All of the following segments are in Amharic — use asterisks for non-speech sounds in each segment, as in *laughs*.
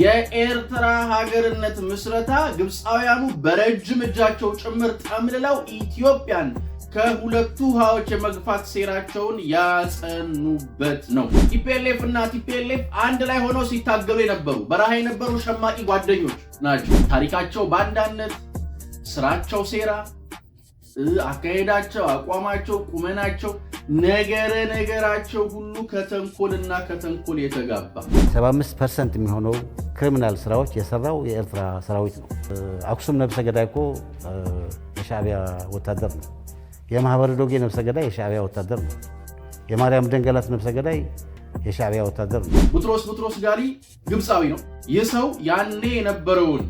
የኤርትራ ሀገርነት ምስረታ ግብፃውያኑ በረጅም እጃቸው ጭምር ጠምልለው ኢትዮጵያን ከሁለቱ ውሃዎች የመግፋት ሴራቸውን ያጸኑበት ነው። ቲፒኤልኤፍ እና ቲፒኤልኤፍ አንድ ላይ ሆነው ሲታገሉ የነበሩ በረሃ የነበሩ ሸማቂ ጓደኞች ናቸው። ታሪካቸው ባንዳነት፣ ስራቸው ሴራ፣ አካሄዳቸው፣ አቋማቸው፣ ቁመናቸው ነገረ ነገራቸው ሁሉ ከተንኮልና ከተንኮል የተጋባ 75 የሚሆነው ክሪሚናል ስራዎች የሰራው የኤርትራ ሰራዊት ነው። አክሱም ነብሰ ገዳይ እኮ የሻዕቢያ ወታደር ነው። የማህበረ ዶጌ ነብሰ ገዳይ የሻዕቢያ ወታደር ነው። የማርያም ደንገላት ነብሰ ገዳይ የሻዕቢያ ወታደር ነው። ቡጥሮስ ቡጥሮስ ጋሪ ግብፃዊ ነው። ይህ ሰው ያኔ የነበረውን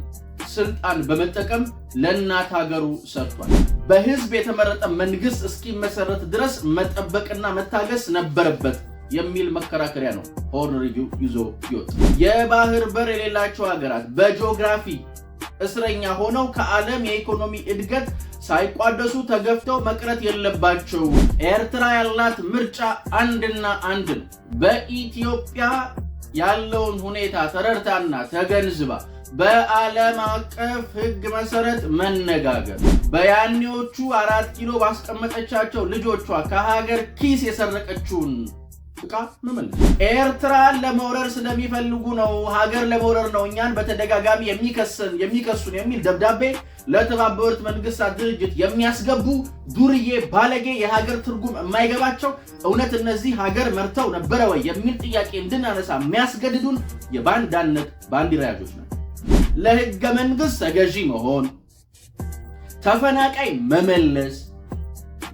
ስልጣን በመጠቀም ለእናት ሀገሩ ሰርቷል። በህዝብ የተመረጠ መንግስት እስኪመሰረት ድረስ መጠበቅና መታገስ ነበረበት የሚል መከራከሪያ ነው ሆርን ሪቪው ይዞ ይወጥ። የባህር በር የሌላቸው ሀገራት በጂኦግራፊ እስረኛ ሆነው ከዓለም የኢኮኖሚ እድገት ሳይቋደሱ ተገፍተው መቅረት የለባቸው። ኤርትራ ያላት ምርጫ አንድና አንድ ነው። በኢትዮጵያ ያለውን ሁኔታ ተረድታና ተገንዝባ በዓለም አቀፍ ሕግ መሰረት መነጋገር በያኔዎቹ አራት ኪሎ ባስቀመጠቻቸው ልጆቿ ከሀገር ኪስ የሰረቀችውን ዕቃ መመለስ። ኤርትራን ለመውረር ስለሚፈልጉ ነው፣ ሀገር ለመውረር ነው እኛን በተደጋጋሚ የሚከሰን የሚከሱን የሚል ደብዳቤ ለተባበሩት መንግስታት ድርጅት የሚያስገቡ ዱርዬ ባለጌ፣ የሀገር ትርጉም የማይገባቸው እውነት እነዚህ ሀገር መርተው ነበረ ወይ የሚል ጥያቄ እንድናነሳ የሚያስገድዱን የባንዳነት ባንዲራ ያዦች ነው። ለህገ መንግስት ተገዢ መሆን፣ ተፈናቃይ መመለስ፣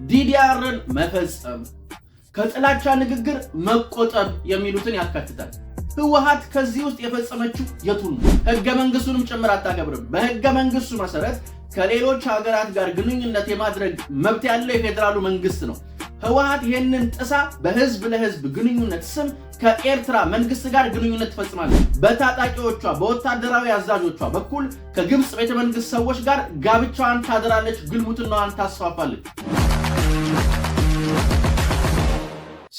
ዲዲአርን መፈጸም፣ ከጥላቻ ንግግር መቆጠብ የሚሉትን ያካትታል። ህወሓት ከዚህ ውስጥ የፈጸመችው የቱን ነው? ህገ መንግስቱንም ጭምር አታከብርም። በህገ መንግስቱ መሰረት ከሌሎች ሀገራት ጋር ግንኙነት የማድረግ መብት ያለው የፌዴራሉ መንግስት ነው። ህወሓት ይህንን ጥሳ በህዝብ ለህዝብ ግንኙነት ስም ከኤርትራ መንግስት ጋር ግንኙነት ትፈጽማለች። በታጣቂዎቿ በወታደራዊ አዛዦቿ በኩል ከግብፅ ቤተመንግስት ሰዎች ጋር ጋብቻዋን ታደራለች፣ ግልሙትናዋን ታስፋፋለች።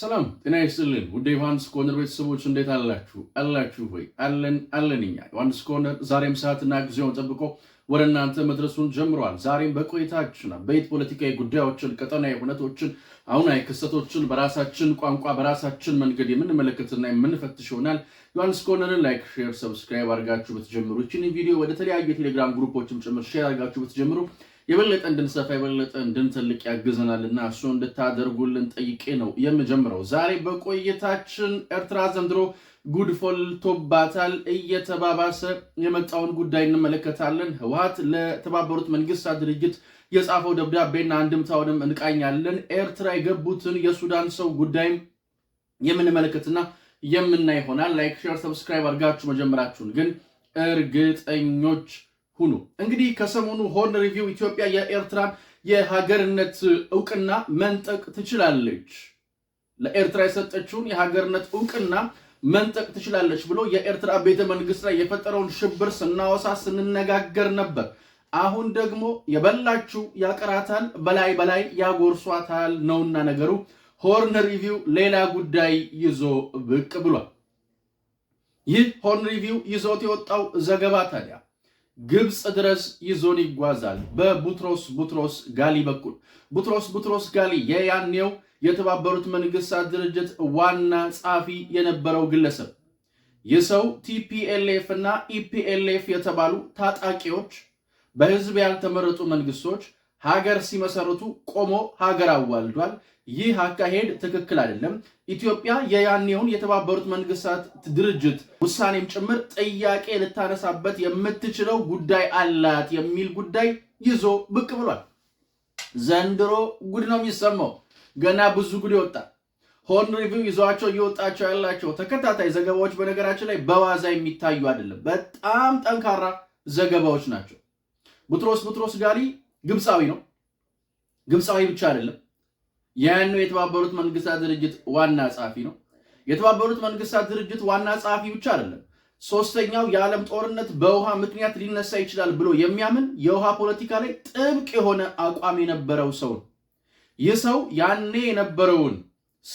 ሰላም ጤና ይስጥልን። ውድ ዮሐንስ ኮርነር ቤተሰቦች እንዴት አላችሁ? አላችሁ ወይ? አለን አለን። እኛ ዮሐንስ ኮርነር ዛሬም ሰዓትና ጊዜውን ጠብቆ ወደ እናንተ መድረሱን ጀምሯል። ዛሬም በቆይታችን አበይት ፖለቲካዊ ጉዳዮችን፣ ቀጠናዊ ሁነቶችን አሁናዊ ክስተቶችን በራሳችን ቋንቋ በራሳችን መንገድ የምንመለከትና የምንፈትሽ ይሆናል። ዮሐንስ ኮርነርን ላይክ፣ ሼር፣ ሰብስክራይብ አድርጋችሁ ብትጀምሩ ይችን ቪዲዮ ወደ ተለያዩ የቴሌግራም ግሩፖችም ጭምር ሼር አድርጋችሁ ብትጀምሩ የበለጠ እንድንሰፋ የበለጠ እንድንተልቅ ያግዘናልና እሱ እንድታደርጉልን ጠይቄ ነው የምጀምረው። ዛሬ በቆይታችን ኤርትራ ዘንድሮ ጉድ ፈልቶባታል እየተባባሰ የመጣውን ጉዳይ እንመለከታለን። ህወሓት ለተባበሩት መንግስታት ድርጅት የጻፈው ደብዳቤና አንድምታውንም እንቃኛለን። ኤርትራ የገቡትን የሱዳን ሰው ጉዳይም የምንመለከትና የምናይ ይሆናል። ላይክ፣ ሼር፣ ሰብስክራይብ አድርጋችሁ መጀመራችሁን ግን እርግጠኞች ሁኑ። እንግዲህ ከሰሞኑ ሆርን ሪቪው ኢትዮጵያ የኤርትራን የሀገርነት እውቅና መንጠቅ ትችላለች፣ ለኤርትራ የሰጠችውን የሀገርነት እውቅና መንጠቅ ትችላለች ብሎ የኤርትራ ቤተ መንግስት ላይ የፈጠረውን ሽብር ስናወሳ ስንነጋገር ነበር። አሁን ደግሞ የበላችሁ ያቀራታል፣ በላይ በላይ ያጎርሷታል ነውና ነገሩ። ሆርን ሪቪው ሌላ ጉዳይ ይዞ ብቅ ብሏል። ይህ ሆርን ሪቪው ይዞት የወጣው ዘገባ ታዲያ ግብፅ ድረስ ይዞን ይጓዛል። በቡትሮስ ቡትሮስ ጋሊ በኩል ቡትሮስ ቡትሮስ ጋሊ የያኔው የተባበሩት መንግስታት ድርጅት ዋና ጸሐፊ የነበረው ግለሰብ የሰው ቲፒኤልኤፍ እና ኢፒኤልኤፍ የተባሉ ታጣቂዎች በህዝብ ያልተመረጡ መንግስቶች ሀገር ሲመሰርቱ ቆሞ ሀገር አዋልዷል። ይህ አካሄድ ትክክል አይደለም። ኢትዮጵያ የያኔውን የተባበሩት መንግስታት ድርጅት ውሳኔም ጭምር ጥያቄ ልታነሳበት የምትችለው ጉዳይ አላት የሚል ጉዳይ ይዞ ብቅ ብሏል። ዘንድሮ ጉድ ነው የሚሰማው። ገና ብዙ ጉድ ይወጣል። ሆርን ሪቪው ይዘዋቸው እየወጣቸው ያላቸው ተከታታይ ዘገባዎች በነገራችን ላይ በዋዛ የሚታዩ አይደለም። በጣም ጠንካራ ዘገባዎች ናቸው። ቡጥሮስ ቡጥሮስ ጋሊ ግብፃዊ ነው። ግብፃዊ ብቻ አይደለም፣ ያነው የተባበሩት መንግስታት ድርጅት ዋና ጸሐፊ ነው። የተባበሩት መንግስታት ድርጅት ዋና ጸሐፊ ብቻ አይደለም፣ ሶስተኛው የዓለም ጦርነት በውሃ ምክንያት ሊነሳ ይችላል ብሎ የሚያምን የውሃ ፖለቲካ ላይ ጥብቅ የሆነ አቋም የነበረው ሰው ነው። ይህ ሰው ያኔ የነበረውን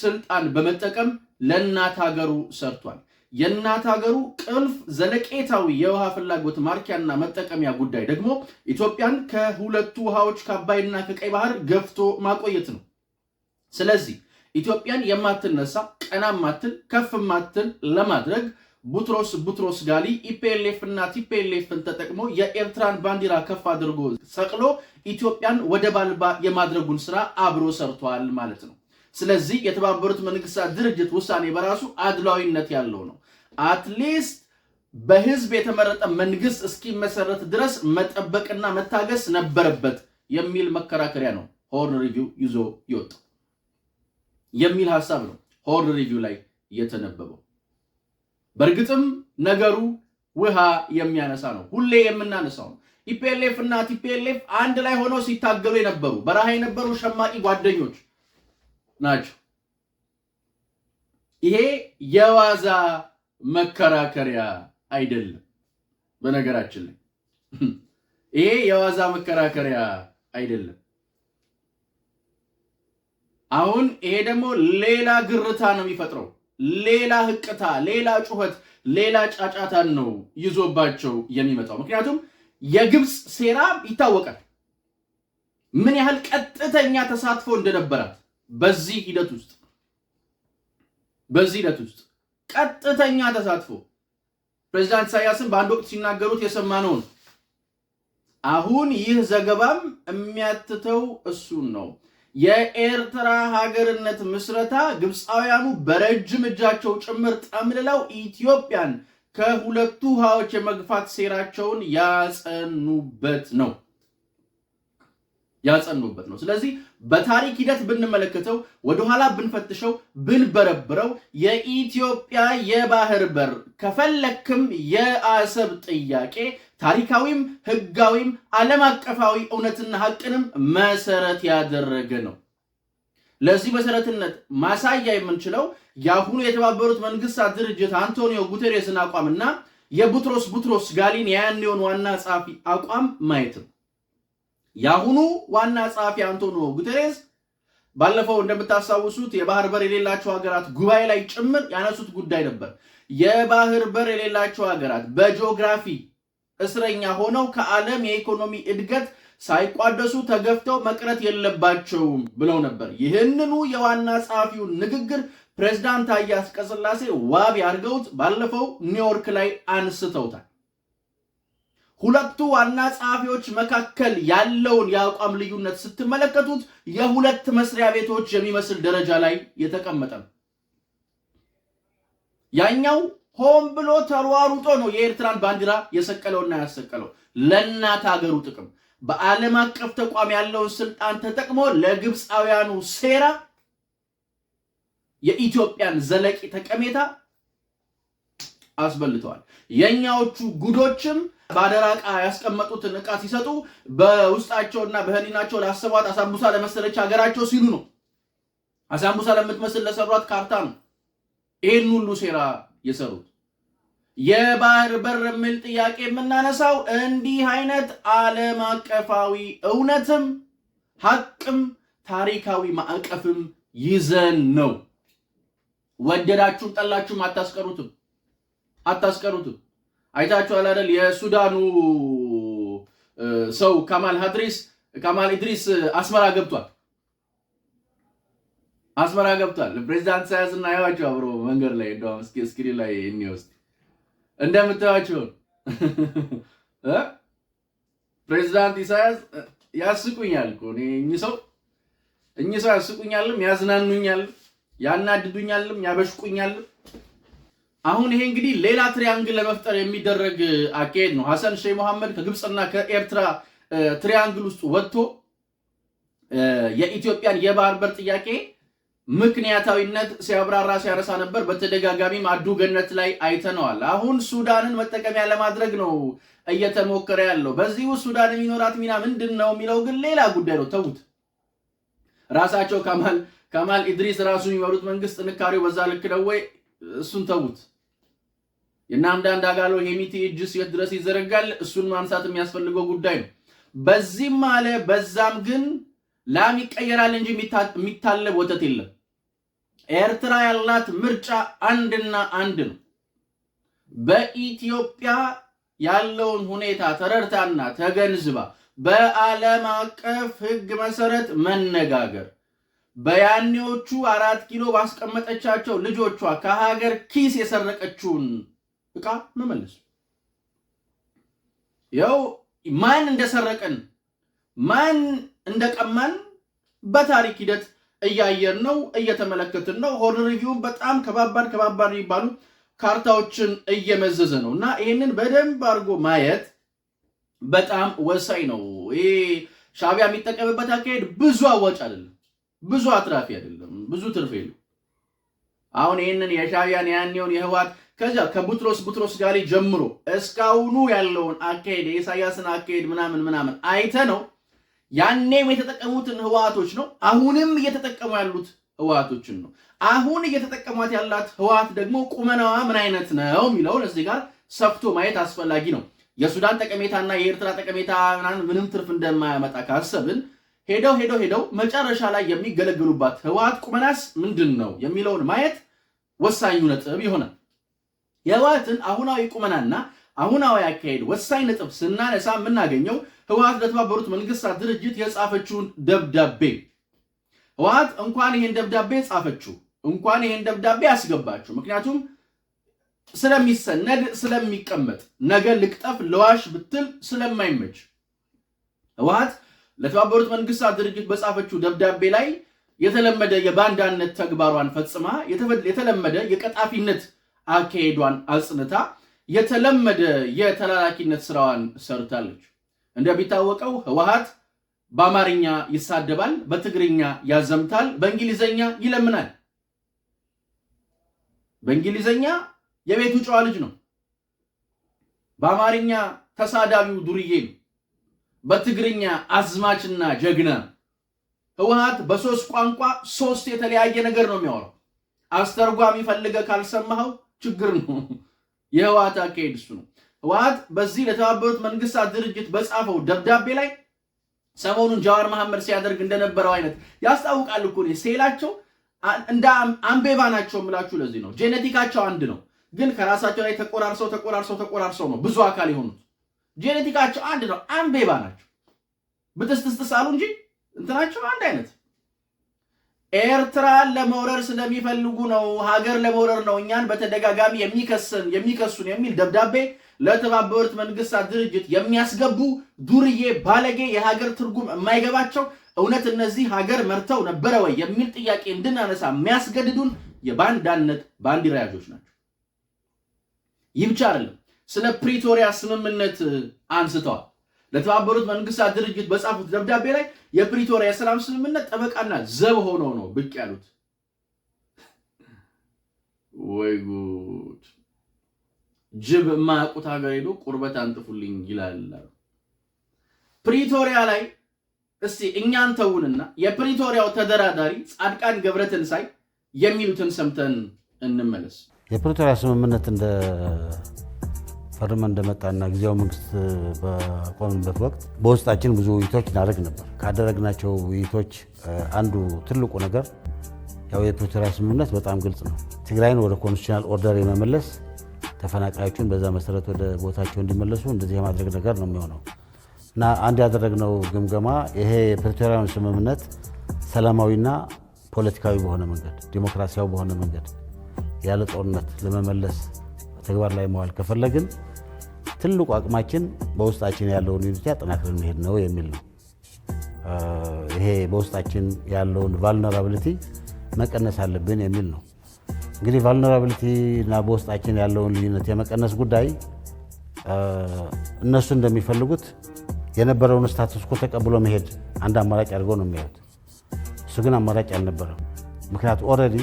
ስልጣን በመጠቀም ለእናት ሀገሩ ሰርቷል። የእናት ሀገሩ ቅልፍ ዘለቄታዊ የውሃ ፍላጎት ማርኪያና መጠቀሚያ ጉዳይ ደግሞ ኢትዮጵያን ከሁለቱ ውሃዎች ከአባይና ከቀይ ባህር ገፍቶ ማቆየት ነው። ስለዚህ ኢትዮጵያን የማትነሳ ቀና ማትል ከፍ ማትል ለማድረግ ቡትሮስ ቡትሮስ ጋሊ ኢፒኤልኤፍ እና ቲፒኤልኤፍን ተጠቅሞ የኤርትራን ባንዲራ ከፍ አድርጎ ሰቅሎ ኢትዮጵያን ወደ ባልባ የማድረጉን ስራ አብሮ ሰርቷል ማለት ነው። ስለዚህ የተባበሩት መንግስታት ድርጅት ውሳኔ በራሱ አድላዊነት ያለው ነው። አትሊስት በህዝብ የተመረጠ መንግስት እስኪመሰረት ድረስ መጠበቅና መታገስ ነበረበት የሚል መከራከሪያ ነው ሆርን ሪቪው ይዞ ይወጣ የሚል ሀሳብ ነው ሆርን ሪቪው ላይ የተነበበው። በእርግጥም ነገሩ ውሃ የሚያነሳ ነው። ሁሌ የምናነሳው ነው። ኢፒኤልኤፍ እና ቲፒኤልኤፍ አንድ ላይ ሆነው ሲታገሉ የነበሩ በረሃ የነበሩ ሸማቂ ጓደኞች ናቸው። ይሄ የዋዛ መከራከሪያ አይደለም። በነገራችን ላይ *laughs* ይሄ የዋዛ መከራከሪያ አይደለም። አሁን ይሄ ደግሞ ሌላ ግርታ ነው የሚፈጥረው። ሌላ ህቅታ፣ ሌላ ጩኸት፣ ሌላ ጫጫታን ነው ይዞባቸው የሚመጣው። ምክንያቱም የግብፅ ሴራ ይታወቃል፣ ምን ያህል ቀጥተኛ ተሳትፎ እንደነበራት በዚህ ሂደት ውስጥ በዚህ ሂደት ውስጥ ቀጥተኛ ተሳትፎ ፕሬዚዳንት ኢሳያስን በአንድ ወቅት ሲናገሩት የሰማነው ነው። አሁን ይህ ዘገባም የሚያትተው እሱን ነው። የኤርትራ ሀገርነት ምስረታ ግብፃውያኑ በረጅም እጃቸው ጭምር ጠምልለው ኢትዮጵያን ከሁለቱ ውሃዎች የመግፋት ሴራቸውን ያጸኑበት ነው። ያጸኑበት ነው። ስለዚህ በታሪክ ሂደት ብንመለከተው ወደኋላ ብንፈትሸው ብንበረብረው የኢትዮጵያ የባህር በር ከፈለክም የአሰብ ጥያቄ ታሪካዊም ሕጋዊም ዓለም አቀፋዊ እውነትና ሀቅንም መሰረት ያደረገ ነው። ለዚህ መሰረትነት ማሳያ የምንችለው የአሁኑ የተባበሩት መንግስታት ድርጅት አንቶኒዮ ጉቴሬስን አቋምና የቡትሮስ ቡትሮስ ጋሊን የያኔውን ዋና ጸሐፊ አቋም ማየት ነው። የአሁኑ ዋና ጸሐፊ አንቶኒዮ ጉተሬስ ባለፈው እንደምታስታውሱት የባህር በር የሌላቸው ሀገራት ጉባኤ ላይ ጭምር ያነሱት ጉዳይ ነበር። የባህር በር የሌላቸው ሀገራት በጂኦግራፊ እስረኛ ሆነው ከዓለም የኢኮኖሚ እድገት ሳይቋደሱ ተገፍተው መቅረት የለባቸውም ብለው ነበር። ይህንኑ የዋና ጸሐፊውን ንግግር ፕሬዝዳንት ታዬ አጽቀሥላሴ ዋቢ አድርገውት ባለፈው ኒውዮርክ ላይ አንስተውታል። ሁለቱ ዋና ጸሐፊዎች መካከል ያለውን የአቋም ልዩነት ስትመለከቱት የሁለት መስሪያ ቤቶች የሚመስል ደረጃ ላይ የተቀመጠ ነው። ያኛው ሆን ብሎ ተሯሩጦ ነው የኤርትራን ባንዲራ የሰቀለውና ያሰቀለው ለእናት ሀገሩ ጥቅም በዓለም አቀፍ ተቋም ያለውን ስልጣን ተጠቅሞ ለግብፃውያኑ ሴራ የኢትዮጵያን ዘለቂ ተቀሜታ አስበልተዋል። የእኛዎቹ ጉዶችም በአደራ ዕቃ ያስቀመጡትን ዕቃ ሲሰጡ በውስጣቸውና በህሊናቸው ላሰቧት አሳምቡሳ ለመሰለች ሀገራቸው ሲሉ ነው። አሳምቡሳ ለምትመስል ለሰሯት ካርታ ነው ይህን ሁሉ ሴራ የሰሩት። የባህር በር የሚል ጥያቄ የምናነሳው እንዲህ አይነት ዓለም አቀፋዊ እውነትም ሀቅም ታሪካዊ ማዕቀፍም ይዘን ነው። ወደዳችሁም ጠላችሁም አታስቀሩትም አታስቀሩትም። አይታችኋል አይደል? የሱዳኑ ሰው ከማል ሀድሪስ ከማል ኢድሪስ አስመራ ገብቷል። አስመራ ገብቷል። ፕሬዚዳንት ሳያዝ እና ያዋቸው አብሮ መንገድ ላይ እንደውም እስኪ እስክሪን ላይ እንይወስድ እንደምታዩቸው ፕሬዚዳንት ኢሳያስ ያስቁኛል እኮ እኔ እኚህ ሰው እኚህ ሰው ያስቁኛልም፣ ያዝናኑኛልም፣ ያናድዱኛልም፣ ያበሽቁኛልም አሁን ይሄ እንግዲህ ሌላ ትሪያንግል ለመፍጠር የሚደረግ አካሄድ ነው። ሐሰን ሼህ መሐመድ ከግብፅና ከኤርትራ ትሪያንግል ውስጥ ወጥቶ የኢትዮጵያን የባህር በር ጥያቄ ምክንያታዊነት ሲያብራራ ሲያረሳ ነበር። በተደጋጋሚም አዱ ገነት ላይ አይተነዋል። አሁን ሱዳንን መጠቀሚያ ለማድረግ ነው እየተሞከረ ያለው። በዚህ ውስጥ ሱዳን የሚኖራት ሚና ምንድን ነው የሚለው ግን ሌላ ጉዳይ ነው። ተዉት። ራሳቸው ከማል ከማል ኢድሪስ ራሱ የሚመሩት መንግስት ጥንካሬው በዛ ልክ ነው ወይ? እሱን ተዉት። እና አንዳንድ አጋሎ ሄሚቲ እጅ የት ድረስ ይዘረጋል? እሱን ማንሳት የሚያስፈልገው ጉዳይ ነው። በዚህም አለ በዛም ግን ላም ይቀየራል እንጂ የሚታለብ ወተት የለም። ኤርትራ ያላት ምርጫ አንድና አንድ ነው። በኢትዮጵያ ያለውን ሁኔታ ተረድታና ተገንዝባ በዓለም አቀፍ ሕግ መሰረት መነጋገር በያኔዎቹ አራት ኪሎ ባስቀመጠቻቸው ልጆቿ ከሀገር ኪስ የሰረቀችውን እቃ መመለስ። ያው ማን እንደሰረቀን ማን እንደቀማን በታሪክ ሂደት እያየን ነው፣ እየተመለከትን ነው። ሆርን ሪቪውን በጣም ከባባድ ከባባድ የሚባሉ ካርታዎችን እየመዘዘ ነው እና ይህንን በደንብ አድርጎ ማየት በጣም ወሳኝ ነው። ይሄ ሻቢያ የሚጠቀምበት አካሄድ ብዙ አዋጭ አይደለም፣ ብዙ አትራፊ አይደለም፣ ብዙ ትርፍ የለም። አሁን ይህንን የሻቢያን ያኔውን የህዋት ከዚያ ከቡትሮስ ቡትሮስ ጋር ጀምሮ እስካሁኑ ያለውን አካሄድ የኢሳያስን አካሄድ ምናምን ምናምን አይተ ነው ያኔም የተጠቀሙትን ህወሓቶች ነው። አሁንም እየተጠቀሙ ያሉት ህወሓቶችን ነው። አሁን እየተጠቀሟት ያላት ህወሓት ደግሞ ቁመናዋ ምን አይነት ነው የሚለውን እዚህ ጋር ሰፍቶ ማየት አስፈላጊ ነው። የሱዳን ጠቀሜታና የኤርትራ ጠቀሜታ ምንም ትርፍ እንደማያመጣ ካሰብን ሄደው ሄደው ሄደው መጨረሻ ላይ የሚገለገሉባት ህወሓት ቁመናስ ምንድን ነው የሚለውን ማየት ወሳኙ ነጥብ ይሆናል። የህወሓትን አሁናዊ ቁመናና አሁናዊ አካሄድ ወሳኝ ነጥብ ስናነሳ የምናገኘው ህወሓት ለተባበሩት መንግስታት ድርጅት የጻፈችውን ደብዳቤ። ህወሓት እንኳን ይህን ደብዳቤ ጻፈችው፣ እንኳን ይህን ደብዳቤ ያስገባችሁ ምክንያቱም ስለሚሰነድ ስለሚቀመጥ ነገ ልቅጠፍ ለዋሽ ብትል ስለማይመች ህወሓት ለተባበሩት መንግስታት ድርጅት በጻፈችው ደብዳቤ ላይ የተለመደ የባንዳነት ተግባሯን ፈጽማ የተለመደ የቀጣፊነት አካሄዷን አጽንታ የተለመደ የተላላኪነት ስራዋን ሰርታለች። እንደሚታወቀው ህወሓት በአማርኛ ይሳደባል፣ በትግርኛ ያዘምታል፣ በእንግሊዘኛ ይለምናል። በእንግሊዘኛ የቤቱ ጨዋ ልጅ ነው። በአማርኛ ተሳዳቢው ዱርዬ ነው። በትግርኛ አዝማችና ጀግና። ህወሓት በሶስት ቋንቋ ሶስት የተለያየ ነገር ነው የሚያወራው። አስተርጓሚ ፈልገ ካልሰማኸው ችግር ነው። የህወሓት አካሄድ እሱ ነው። ህወሓት በዚህ ለተባበሩት መንግስታት ድርጅት በጻፈው ደብዳቤ ላይ ሰሞኑን ጃዋር መሐመድ ሲያደርግ እንደነበረው አይነት ያስታውቃል እኮ ሴላቸው እንደ አምቤባ ናቸው የምላችሁ ለዚህ ነው። ጄኔቲካቸው አንድ ነው፣ ግን ከራሳቸው ላይ ተቆራርሰው ተቆራርሰው ተቆራርሰው ነው ብዙ አካል የሆኑት። ጄኔቲካቸው አንድ ነው፣ አምቤባ ናቸው። ብጥስጥስጥስ አሉ እንጂ እንትናቸው አንድ አይነት ኤርትራን ለመውረር ስለሚፈልጉ ነው፣ ሀገር ለመውረር ነው እኛን በተደጋጋሚ የሚከስን የሚከሱን የሚል ደብዳቤ ለተባበሩት መንግስታት ድርጅት የሚያስገቡ ዱርዬ ባለጌ የሀገር ትርጉም የማይገባቸው እውነት እነዚህ ሀገር መርተው ነበረ ወይ የሚል ጥያቄ እንድናነሳ የሚያስገድዱን የባንዳነት ባንዲራ ያዦች ናቸው። ይህ ብቻ አይደለም፣ ስለ ፕሪቶሪያ ስምምነት አንስተዋል። ለተባበሩት መንግስታት ድርጅት በጻፉት ደብዳቤ ላይ የፕሪቶሪያ የሰላም ስምምነት ጠበቃና ዘብ ሆነው ነው ብቅ ያሉት። ወይ ጉድ! ጅብ የማያውቁት ሀገር ሄዶ ቁርበት አንጥፉልኝ ይላል። ፕሪቶሪያ ላይ እስቲ እኛን ተውንና የፕሪቶሪያው ተደራዳሪ ጻድቃን ሳይ የሚሉትን ሰምተን እንመለስ። የፕሪቶሪያ ስምምነት እንደ ፈርመን እንደመጣና ጊዜያዊ መንግስት በቆምንበት ወቅት በውስጣችን ብዙ ውይይቶች እናደርግ ነበር። ካደረግናቸው ውይይቶች አንዱ ትልቁ ነገር ያው የፕሪቶሪያ ስምምነት በጣም ግልጽ ነው። ትግራይን ወደ ኮንስቲቱሽናል ኦርደር የመመለስ ተፈናቃዮቹን በዛ መሰረት ወደ ቦታቸው እንዲመለሱ እንደዚህ የማድረግ ነገር ነው የሚሆነው እና አንድ ያደረግነው ግምገማ ይሄ የፕሪቶሪያውን ስምምነት ሰላማዊና ፖለቲካዊ በሆነ መንገድ ዲሞክራሲያዊ በሆነ መንገድ ያለ ጦርነት ለመመለስ ተግባር ላይ መዋል ከፈለግን ትልቁ አቅማችን በውስጣችን ያለውን ዩኒቲ አጠናክረን መሄድ ነው የሚል ነው። ይሄ በውስጣችን ያለውን ቫልነራብሊቲ መቀነስ አለብን የሚል ነው። እንግዲህ ቫልነራብሊቲ እና በውስጣችን ያለውን ልዩነት የመቀነስ ጉዳይ እነሱ እንደሚፈልጉት የነበረውን ኮ ተቀብሎ መሄድ አንድ አማራጭ አድርገው ነው የሚያዩት። እሱ ግን አማራጭ አልነበረም። ምክንያቱ ኦልሬዲ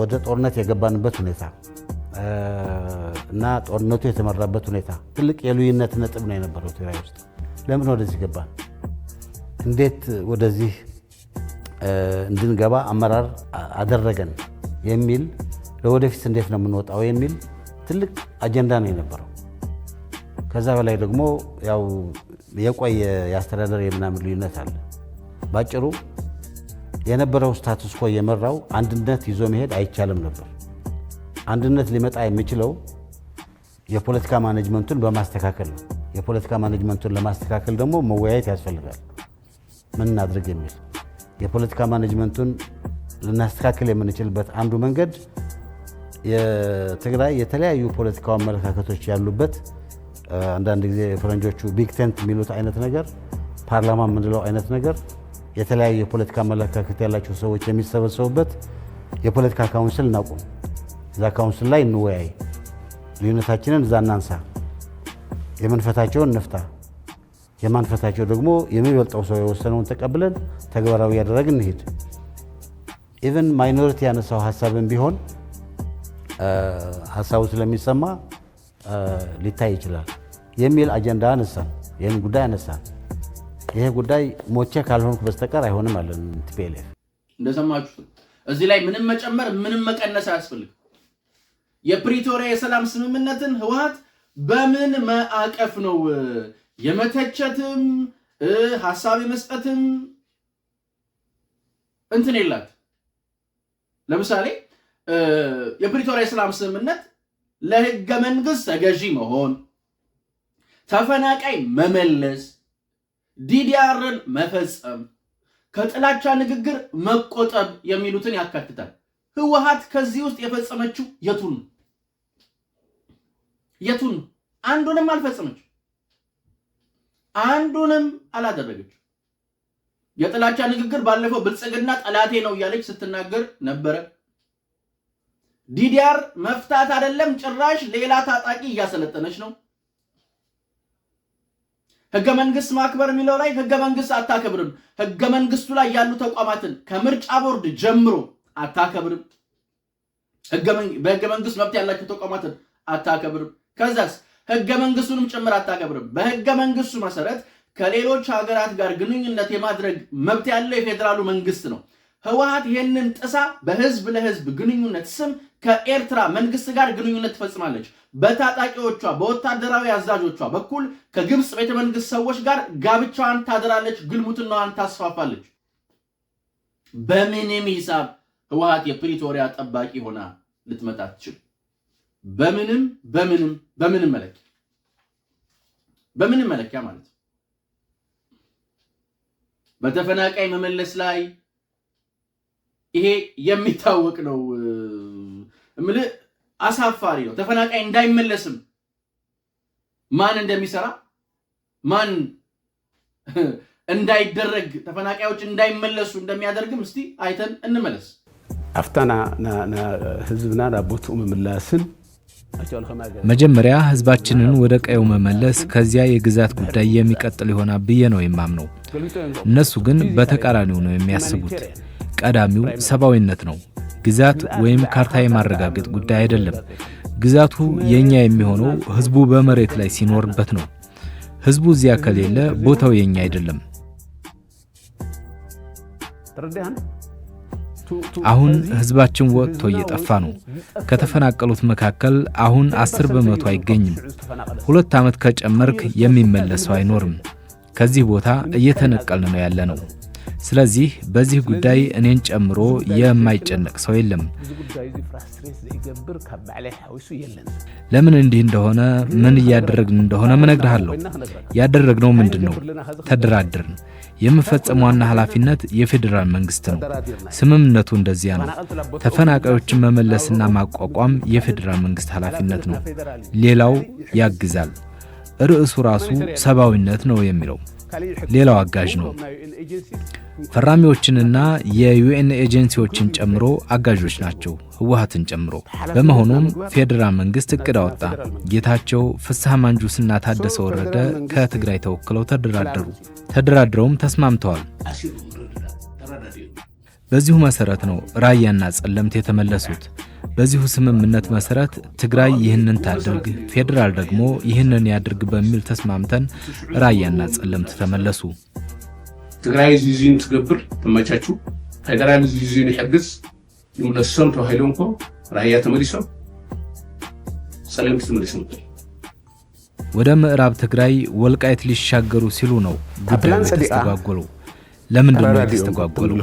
ወደ ጦርነት የገባንበት ሁኔታ እና ጦርነቱ የተመራበት ሁኔታ ትልቅ የልዩነት ነጥብ ነው የነበረው ትግራይ ውስጥ። ለምን ወደዚህ ገባ? እንዴት ወደዚህ እንድንገባ አመራር አደረገን የሚል ለወደፊት እንዴት ነው የምንወጣው የሚል ትልቅ አጀንዳ ነው የነበረው። ከዛ በላይ ደግሞ ያው የቆየ የአስተዳደር የምናምን ልዩነት አለ። ባጭሩ የነበረው ስታትስ ኮ የመራው አንድነት ይዞ መሄድ አይቻልም ነበር። አንድነት ሊመጣ የሚችለው የፖለቲካ ማኔጅመንቱን በማስተካከል ነው። የፖለቲካ ማኔጅመንቱን ለማስተካከል ደግሞ መወያየት ያስፈልጋል። ምን እናድርግ የሚል የፖለቲካ ማኔጅመንቱን ልናስተካከል የምንችልበት አንዱ መንገድ የትግራይ የተለያዩ ፖለቲካዊ አመለካከቶች ያሉበት አንዳንድ ጊዜ የፈረንጆቹ ቢግ ቴንት የሚሉት አይነት ነገር ፓርላማ የምንለው አይነት ነገር የተለያዩ የፖለቲካ አመለካከት ያላቸው ሰዎች የሚሰበሰቡበት የፖለቲካ ካውንስል እናቁም። እዛ ካውንስል ላይ እንወያይ፣ ልዩነታችንን እዛ እናንሳ፣ የመንፈታቸውን እንፍታ። የማንፈታቸው ደግሞ የሚበልጠው ሰው የወሰነውን ተቀብለን ተግባራዊ እያደረግ እንሄድ። ኢቨን ማይኖሪቲ ያነሳው ሀሳብን ቢሆን ሀሳቡ ስለሚሰማ ሊታይ ይችላል የሚል አጀንዳ አነሳን። ይህን ጉዳይ አነሳን። ይሄ ጉዳይ ሞቼ ካልሆንኩ በስተቀር አይሆንም አለን ቲፒኤልኤፍ። እንደሰማችሁ እዚህ ላይ ምንም መጨመር ምንም መቀነስ አያስፈልግም። የፕሪቶሪያ የሰላም ስምምነትን ህወሓት በምን ማዕቀፍ ነው የመተቸትም ሀሳብ የመስጠትም እንትን የላት። ለምሳሌ የፕሪቶሪያ የሰላም ስምምነት ለህገ መንግስት ተገዢ መሆን፣ ተፈናቃይ መመለስ፣ ዲዲአርን መፈጸም፣ ከጥላቻ ንግግር መቆጠብ የሚሉትን ያካትታል። ህወሓት ከዚህ ውስጥ የፈጸመችው የቱን ነው? የቱን ነው? አንዱንም አልፈጸመች አንዱንም አላደረገችው። የጥላቻ ንግግር ባለፈው ብልጽግና ጠላቴ ነው እያለች ስትናገር ነበረ። ዲዲአር መፍታት አይደለም ጭራሽ ሌላ ታጣቂ እያሰለጠነች ነው። ህገ መንግስት ማክበር የሚለው ላይ ህገ መንግስት አታከብርም፣ ህገ መንግስቱ ላይ ያሉ ተቋማትን ከምርጫ ቦርድ ጀምሮ አታከብርም። በህገ መንግስት መብት ያላቸው ተቋማትን አታከብርም። ከዛስ ህገ መንግስቱንም ጭምር አታከብርም። በህገ መንግስቱ መሰረት ከሌሎች ሀገራት ጋር ግንኙነት የማድረግ መብት ያለው የፌዴራሉ መንግስት ነው። ህወሀት ይህንን ጥሳ በህዝብ ለህዝብ ግንኙነት ስም ከኤርትራ መንግስት ጋር ግንኙነት ትፈጽማለች። በታጣቂዎቿ በወታደራዊ አዛዦቿ በኩል ከግብፅ ቤተመንግስት ሰዎች ጋር ጋብቻዋን ታደራለች፣ ግልሙትናዋን ታስፋፋለች። በምንም ሂሳብ ህወሓት የፕሪቶሪያ ጠባቂ ሆና ልትመጣ ትችል። በምንም በምንም በምንም መለኪያ በምንም መለኪያ ማለት ነው። በተፈናቃይ መመለስ ላይ ይሄ የሚታወቅ ነው። እምልህ አሳፋሪ ነው። ተፈናቃይ እንዳይመለስም ማን እንደሚሰራ ማን እንዳይደረግ ተፈናቃዮች እንዳይመለሱ እንደሚያደርግም እስቲ አይተን እንመለስ። አፍታና ህዝብና ምምላስን መጀመሪያ ህዝባችንን ወደ ቀየው መመለስ ከዚያ የግዛት ጉዳይ የሚቀጥል ይሆናል ብዬ ነው የማምነው። እነሱ ግን በተቃራኒው ነው የሚያስቡት። ቀዳሚው ሰብአዊነት ነው። ግዛት ወይም ካርታ የማረጋገጥ ጉዳይ አይደለም። ግዛቱ የእኛ የሚሆነው ህዝቡ በመሬት ላይ ሲኖርበት ነው። ህዝቡ እዚያ ከሌለ ቦታው የእኛ አይደለም። አሁን ህዝባችን ወጥቶ እየጠፋ ነው። ከተፈናቀሉት መካከል አሁን አስር በመቶ አይገኝም። ሁለት ዓመት ከጨመርክ የሚመለሰው አይኖርም። ከዚህ ቦታ እየተነቀልን ነው ያለ ነው። ስለዚህ በዚህ ጉዳይ እኔን ጨምሮ የማይጨነቅ ሰው የለም። ለምን እንዲህ እንደሆነ ምን እያደረግን እንደሆነ ምነግርሃለሁ። ያደረግነው ምንድን ነው? ተደራድርን። የምፈጸም ዋና ኃላፊነት የፌዴራል መንግስት ነው። ስምምነቱ እንደዚያ ነው። ተፈናቃዮችን መመለስና ማቋቋም የፌዴራል መንግስት ኃላፊነት ነው። ሌላው ያግዛል። ርዕሱ ራሱ ሰብአዊነት ነው የሚለው ሌላው አጋዥ ነው። ፈራሚዎችንና የዩኤን ኤጀንሲዎችን ጨምሮ አጋዦች ናቸው፣ ህወሀትን ጨምሮ። በመሆኑም ፌዴራል መንግስት እቅድ አወጣ። ጌታቸው ፍስሐ ማንጁስና ታደሰ ወረደ ከትግራይ ተወክለው ተደራደሩ። ተደራድረውም ተስማምተዋል። በዚሁ መሰረት ነው ራያና ጸለምት የተመለሱት። በዚሁ ስምምነት መሰረት ትግራይ ይህንን ታድርግ፣ ፌዴራል ደግሞ ይህንን ያድርግ በሚል ተስማምተን ራያና ጸለምት ተመለሱ። ትግራይ እዚ ትገብር ተመቻቹ ፌደራል እዚ ዙ ይሕግዝ ይምለሶም ተባሂሉ እኮ ራያ ተመሊሶም ጸለምት ተመሊሶም ወደ ምዕራብ ትግራይ ወልቃይት ሊሻገሩ ሲሉ ነው ጉዳዩ ተስተጓጎሉ። ለምንድን ነው የተስተጓጎሉ?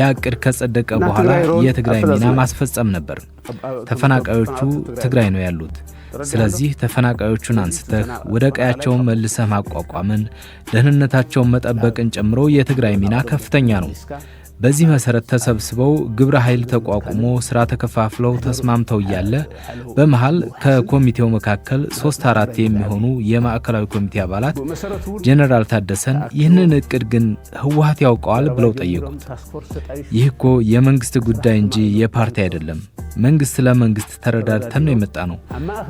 ያ እቅድ ከጸደቀ በኋላ የትግራይ ሚና ማስፈጸም ነበር። ተፈናቃዮቹ ትግራይ ነው ያሉት። ስለዚህ ተፈናቃዮቹን አንስተህ ወደ ቀያቸውን መልሰህ ማቋቋምን፣ ደህንነታቸውን መጠበቅን ጨምሮ የትግራይ ሚና ከፍተኛ ነው። በዚህ መሰረት ተሰብስበው ግብረ ኃይል ተቋቁሞ ስራ ተከፋፍለው ተስማምተው እያለ በመሃል ከኮሚቴው መካከል ሶስት አራት የሚሆኑ የማዕከላዊ ኮሚቴ አባላት ጄኔራል ታደሰን ይህንን እቅድ ግን ህወሀት ያውቀዋል ብለው ጠየቁት። ይህ እኮ የመንግስት ጉዳይ እንጂ የፓርቲ አይደለም። መንግስት ለመንግስት ተረዳድተን ነው የመጣ ነው።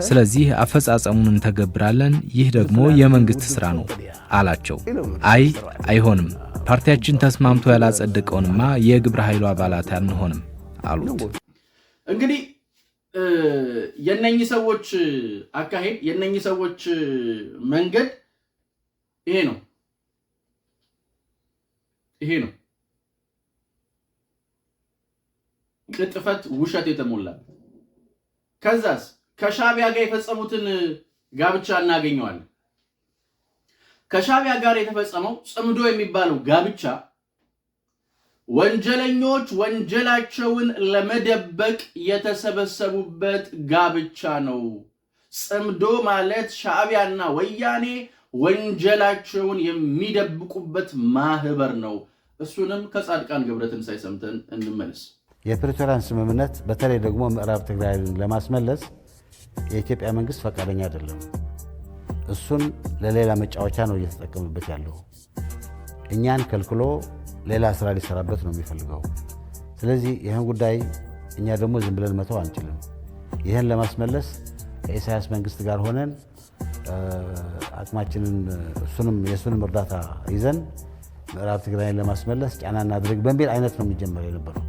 ስለዚህ አፈጻጸሙን እንተገብራለን። ይህ ደግሞ የመንግስት ስራ ነው አላቸው። አይ አይሆንም ፓርቲያችን ተስማምቶ ያላጸደቀውንማ የግብረ ኃይሉ አባላት አንሆንም አሉት። እንግዲህ የነኚህ ሰዎች አካሄድ የነኚህ ሰዎች መንገድ ይሄ ነው ይሄ ነው ቅጥፈት፣ ውሸት የተሞላ ከዛስ ከሻቢያ ጋር የፈጸሙትን ጋብቻ እናገኘዋለን። ከሻቢያ ጋር የተፈጸመው ጽምዶ የሚባለው ጋብቻ ወንጀለኞች ወንጀላቸውን ለመደበቅ የተሰበሰቡበት ጋብቻ ነው። ጽምዶ ማለት ሻቢያና ወያኔ ወንጀላቸውን የሚደብቁበት ማህበር ነው። እሱንም ከጻድቃን ገብረትንሳኤ ሰምተን እንመለስ። የፕሪቶሪያን ስምምነት በተለይ ደግሞ ምዕራብ ትግራይን ለማስመለስ የኢትዮጵያ መንግስት ፈቃደኛ አይደለም። እሱን ለሌላ መጫወቻ ነው እየተጠቀምበት ያለው። እኛን ከልክሎ ሌላ ስራ ሊሰራበት ነው የሚፈልገው። ስለዚህ ይህን ጉዳይ እኛ ደግሞ ዝም ብለን መተው አንችልም። ይህን ለማስመለስ ከኢሳያስ መንግስት ጋር ሆነን አቅማችንን የእሱንም እርዳታ ይዘን ምዕራብ ትግራይን ለማስመለስ ጫና እናድርግ በሚል አይነት ነው የሚጀመር የነበረው።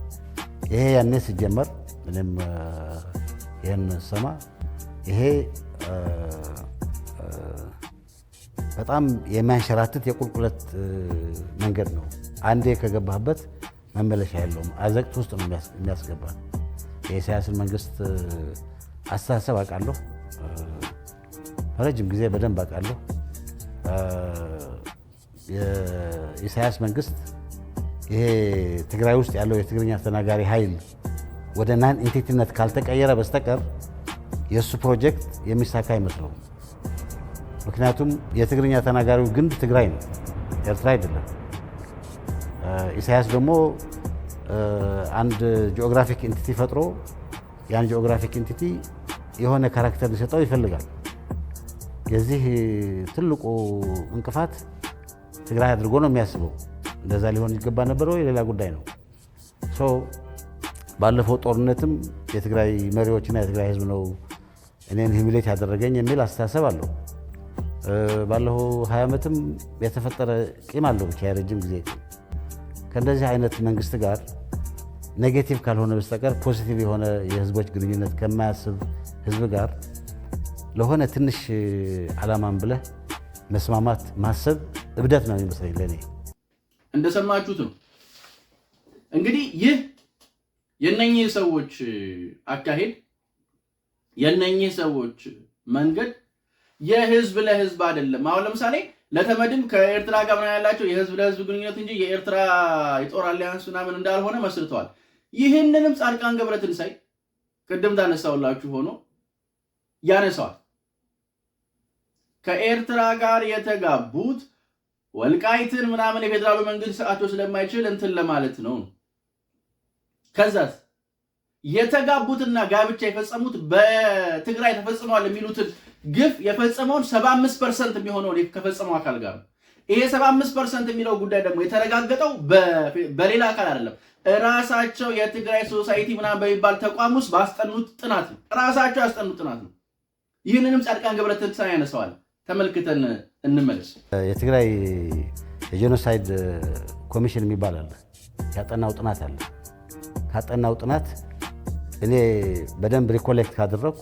ይሄ ያኔ ሲጀመር ምንም ይህን ሰማ ይሄ በጣም የሚያንሸራትት የቁልቁለት መንገድ ነው። አንዴ ከገባህበት መመለሻ የለውም። አዘቅት ውስጥ ነው የሚያስገባ። የኢሳያስን መንግስት አስተሳሰብ አውቃለሁ፣ በረጅም ጊዜ በደንብ አውቃለሁ። የኢሳያስ መንግስት ይሄ ትግራይ ውስጥ ያለው የትግርኛ ተናጋሪ ኃይል ወደ ናን ኢንቲቲነት ካልተቀየረ በስተቀር የእሱ ፕሮጀክት የሚሳካ አይመስለውም። ምክንያቱም የትግርኛ ተናጋሪው ግንድ ትግራይ ነው፣ ኤርትራ አይደለም። ኢሳያስ ደግሞ አንድ ጂኦግራፊክ ኢንቲቲ ፈጥሮ ያን ጂኦግራፊክ ኢንቲቲ የሆነ ካራክተር ሊሰጠው ይፈልጋል። የዚህ ትልቁ እንቅፋት ትግራይ አድርጎ ነው የሚያስበው። እንደዛ ሊሆን ይገባ ነበር ወይ ሌላ ጉዳይ ነው። ባለፈው ጦርነትም የትግራይ መሪዎችና የትግራይ ህዝብ ነው እኔን ሂሚሌት ያደረገኝ የሚል አስተሳሰብ አለው። ባለፈው ሀያ ዓመትም የተፈጠረ ቂም አለው ብቻ የረጅም ጊዜ ከእንደዚህ አይነት መንግስት ጋር ኔጌቲቭ ካልሆነ በስተቀር ፖዚቲቭ የሆነ የህዝቦች ግንኙነት ከማያስብ ህዝብ ጋር ለሆነ ትንሽ ዓላማን ብለህ መስማማት ማሰብ እብደት ነው የሚመስለኝ ለእኔ። እንደሰማችሁት ነው እንግዲህ ይህ የነኚህ ሰዎች አካሄድ የነኚህ ሰዎች መንገድ የህዝብ ለህዝብ አይደለም። አሁን ለምሳሌ ለተመድም ከኤርትራ ጋር ምናምን ያላቸው የህዝብ ለህዝብ ግንኙነት እንጂ የኤርትራ የጦር አሊያንስ ምናምን እንዳልሆነ መስርተዋል። ይህንንም ጻድቃን ሳይ ቅድም ታነሳውላችሁ ሆኖ ያነሳዋል። ከኤርትራ ጋር የተጋቡት ወልቃይትን ምናምን የፌዴራሉ መንግስት ሰዓቸው ስለማይችል እንትን ለማለት ነው። ከዛ የተጋቡትና ጋብቻ የፈጸሙት በትግራይ ተፈጽመዋል የሚሉትን ግፍ የፈጸመውን 75% የሚሆነውን ከፈጸመው አካል ጋር ነው። ይሄ 75% የሚለው ጉዳይ ደግሞ የተረጋገጠው በሌላ አካል አይደለም፣ እራሳቸው የትግራይ ሶሳይቲ ምናምን በሚባል ተቋም ውስጥ ባስጠኑት ጥናት ነው። ራሳቸው ያስጠኑት ጥናት ነው። ይህንንም ጻድቃን ገብረትንሳኤ ያነሰዋል። ተመልክተን እንመለስ። የትግራይ የጄኖሳይድ ኮሚሽን የሚባል አለ፣ ያጠናው ጥናት አለ። ካጠናው ጥናት እኔ በደንብ ሪኮሌክት ካደረግኩ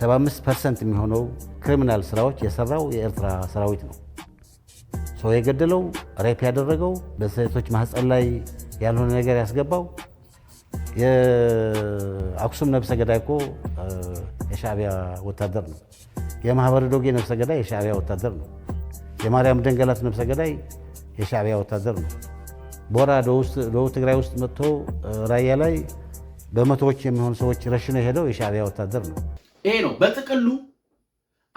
75 ፐርሰንት የሚሆነው ክሪሚናል ስራዎች የሰራው የኤርትራ ሰራዊት ነው። ሰው የገደለው፣ ሬፕ ያደረገው፣ በሴቶች ማህፀን ላይ ያልሆነ ነገር ያስገባው የአክሱም ነብሰ ገዳይ እኮ የሻዕቢያ ወታደር ነው። የማህበረ ዶጌ ነብሰ ገዳይ የሻዕቢያ ወታደር ነው። የማርያም ደንገላት ነብሰ ገዳይ የሻዕቢያ ወታደር ነው። ቦራ ደቡብ ትግራይ ውስጥ መጥቶ ራያ ላይ በመቶዎች የሚሆኑ ሰዎች ረሽኖ የሄደው የሻዕቢያ ወታደር ነው። ይሄ ነው በጥቅሉ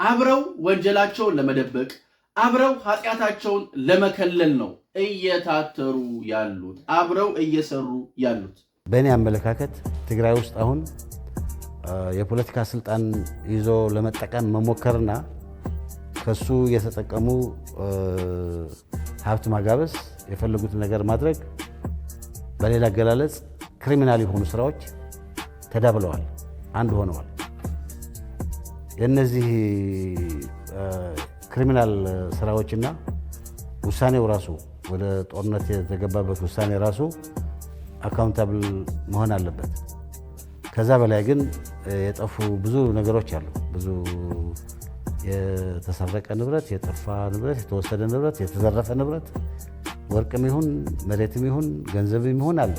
አብረው ወንጀላቸውን ለመደበቅ አብረው ኃጢአታቸውን ለመከለል ነው እየታተሩ ያሉት አብረው እየሰሩ ያሉት። በእኔ አመለካከት ትግራይ ውስጥ አሁን የፖለቲካ ስልጣን ይዞ ለመጠቀም መሞከርና ከሱ የተጠቀሙ ሀብት ማጋበስ፣ የፈለጉትን ነገር ማድረግ፣ በሌላ አገላለጽ ክሪሚናል የሆኑ ስራዎች ተዳብለዋል፣ አንድ ሆነዋል። የነዚህ ክሪሚናል ስራዎችና ውሳኔው ራሱ ወደ ጦርነት የተገባበት ውሳኔ ራሱ አካውንታብል መሆን አለበት። ከዛ በላይ ግን የጠፉ ብዙ ነገሮች አሉ። ብዙ የተሰረቀ ንብረት፣ የጠፋ ንብረት፣ የተወሰደ ንብረት፣ የተዘረፈ ንብረት ወርቅም ይሁን መሬትም ይሁን ገንዘብም ይሁን አለ።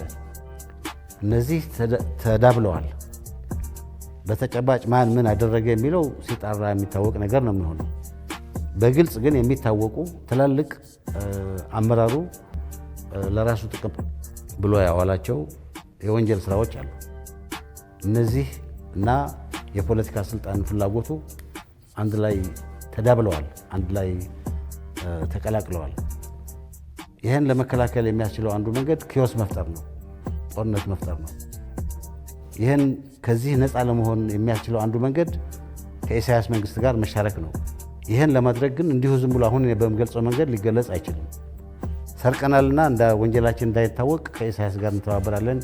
እነዚህ ተዳብለዋል። በተጨባጭ ማን ምን አደረገ የሚለው ሲጣራ የሚታወቅ ነገር ነው የሚሆነው። በግልጽ ግን የሚታወቁ ትላልቅ አመራሩ ለራሱ ጥቅም ብሎ ያዋላቸው የወንጀል ስራዎች አሉ። እነዚህ እና የፖለቲካ ስልጣን ፍላጎቱ አንድ ላይ ተዳብለዋል፣ አንድ ላይ ተቀላቅለዋል። ይህን ለመከላከል የሚያስችለው አንዱ መንገድ ኪዮስ መፍጠር ነው፣ ጦርነት መፍጠር ነው። ይህን ከዚህ ነፃ ለመሆን የሚያስችለው አንዱ መንገድ ከኢሳያስ መንግስት ጋር መሻረክ ነው። ይህን ለማድረግ ግን እንዲሁ ዝም ብሎ አሁን በምገልጸው መንገድ ሊገለጽ አይችልም። ሰርቀናልና እንደ ወንጀላችን እንዳይታወቅ ከኢሳያስ ጋር እንተባበራለን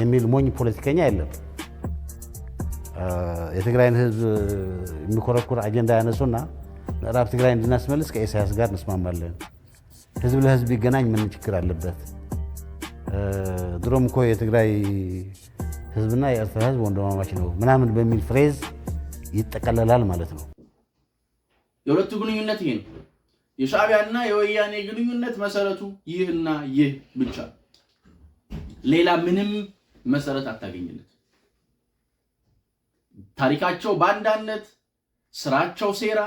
የሚል ሞኝ ፖለቲከኛ የለም። የትግራይን ህዝብ የሚኮረኩር አጀንዳ ያነሱና ምዕራብ ትግራይ እንድናስመልስ ከኢሳያስ ጋር እንስማማለን፣ ህዝብ ለህዝብ ይገናኝ ምን ችግር አለበት? ድሮም እኮ የትግራይ ህዝብና የኤርትራ ህዝብ ወንድማማች ነው ምናምን በሚል ፍሬዝ ይጠቀለላል ማለት ነው። የሁለቱ ግንኙነት ይህ ነው። የሻዕቢያና የወያኔ ግንኙነት መሰረቱ ይህና ይህ ብቻ፣ ሌላ ምንም መሰረት አታገኝለት። ታሪካቸው ባንዳነት፣ ስራቸው ሴራ፣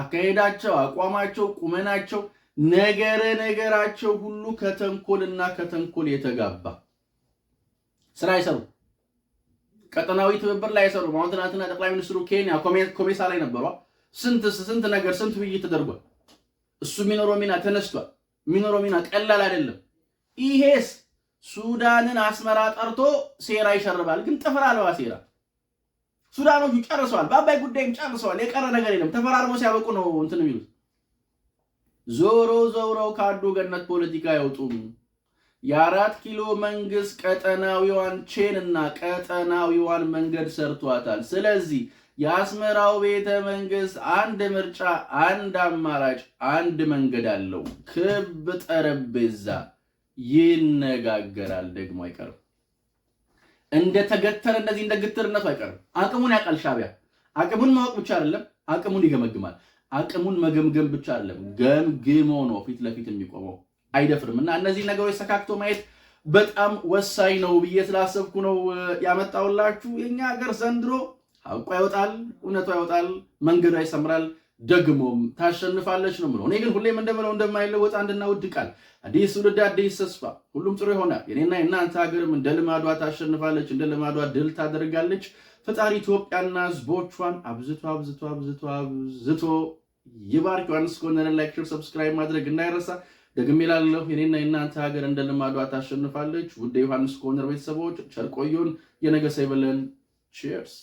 አካሄዳቸው፣ አቋማቸው፣ ቁመናቸው፣ ነገረ ነገራቸው ሁሉ ከተንኮልና ከተንኮል የተጋባ ስራ አይሰሩ? ቀጠናዊ ትብብር ላይ አይሰሩ። አሁን ትናንትና ጠቅላይ ሚኒስትሩ ኬንያ ኮሜሳ ላይ ነበሯ። ስንት ስንት ነገር ስንት ውይይት ተደርጓል። እሱ የሚኖረው ሚና ተነስቷል። የሚኖረው ሚና ቀላል አይደለም። ይሄስ ሱዳንን አስመራ ጠርቶ ሴራ ይሸርባል። ግን ጥፍር አልባ ሴራ ሱዳኖቹ ጨርሰዋል። በአባይ ጉዳይም ጨርሰዋል። የቀረ ነገር የለም። ተፈራርሞ ሲያበቁ ነው እንትን የሚሉት። ዞሮ ዞሮ ካዱ ገነት ፖለቲካ አይወጡም። የአራት ኪሎ መንግስት ቀጠናዊዋን ቼን እና ቀጠናዊዋን መንገድ ሰርቷታል። ስለዚህ የአስመራው ቤተ መንግስት አንድ ምርጫ፣ አንድ አማራጭ፣ አንድ መንገድ አለው። ክብ ጠረጴዛ ይነጋገራል። ደግሞ አይቀርም እንደ እንደዚህ እንደ ግትርነቱ አይቀርም። አቅሙን ያውቃል ሻቢያ አቅሙን ማወቅ ብቻ አይደለም፣ አቅሙን ይገመግማል። አቅሙን መገምገም ብቻ አይደለም፣ ገምግሞ ነው ፊት ለፊት የሚቆመው። አይደፍርም እና እነዚህ ነገሮች ተካክቶ ማየት በጣም ወሳኝ ነው ብዬ ስላሰብኩ ነው ያመጣውላችሁ። የኛ ሀገር ዘንድሮ ሀቋ ይወጣል፣ እውነቱ ይወጣል፣ መንገዱ ይሰምራል፣ ደግሞም ታሸንፋለች ነው ምለው። እኔ ግን ሁሌም እንደምለው እንደማይለወጥ አንድና ውድ ቃል፣ አዲስ ትውልድ፣ አዲስ ተስፋ፣ ሁሉም ጥሩ ይሆናል። የኔና የእናንተ ሀገርም እንደ ልማዷ ታሸንፋለች፣ እንደ ልማዷ ድል ታደርጋለች። ፈጣሪ ኢትዮጵያና ህዝቦቿን አብዝቶ አብዝቶ አብዝቶ አብዝቶ ይባርክ። ዮሐንስ ኮርነር ላይክ፣ ሼር፣ ሰብስክራይብ ማድረግ እንዳይረሳ። ደግሜ ላለሁ የኔና የእናንተ ሀገር እንደ ልማዷ ታሸንፋለች። ውደ ዮሐንስ ኮርነር ቤተሰቦች ቸርቆዩን የነገሰ ይበለን። ቺርስ